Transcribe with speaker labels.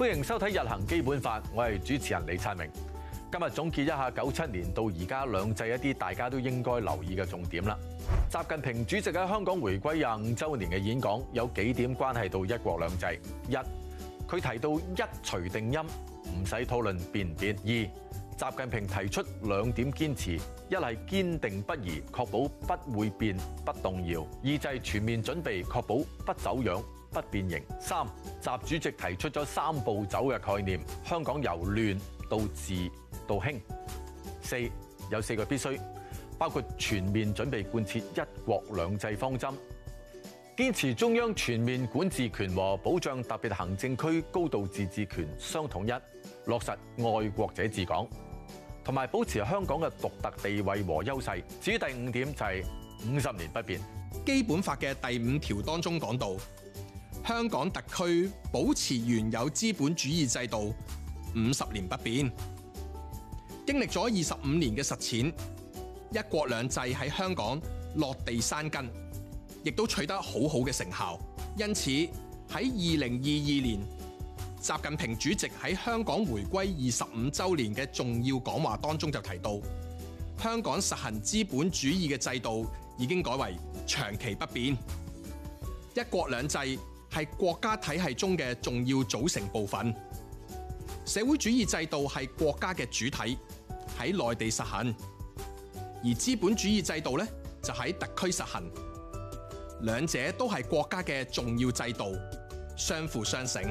Speaker 1: 歡迎收睇《日行基本法》，我係主持人李燦明。今日總結一下九七年到而家兩制一啲大家都應該留意嘅重點啦。習近平主席喺香港回歸廿五週年嘅演講有幾點關係到一國兩制？一，佢提到一錘定音，唔使討論變唔變。二，習近平提出兩點堅持，一係堅定不移確保不會變不動搖，二就係全面準備確保不走樣、不變形。三，習主席提出咗三步走嘅概念，香港由亂到治到興。四，有四個必須，包括全面準備貫徹一國兩制方針，堅持中央全面管治權和保障特別行政區高度自治權相統一，落實愛國者治港，同埋保持香港嘅獨特地位和優勢。至於第五點就係五十年不變。基本
Speaker 2: 法嘅第五條當中講到。香港特區保持原有資本主義制度五十年不變，經歷咗二十五年嘅實踐，一國兩制喺香港落地生根，亦都取得好好嘅成效。因此喺二零二二年，習近平主席喺香港回歸二十五週年嘅重要講話當中就提到，香港實行資本主義嘅制度已經改為長期不變。一國兩制係國家體系中嘅重要組成部分，社會主義制度係國家嘅主體，喺內地實行；而資本主義制度咧就喺特區實行，兩者都係國家嘅重要制度，相輔相成。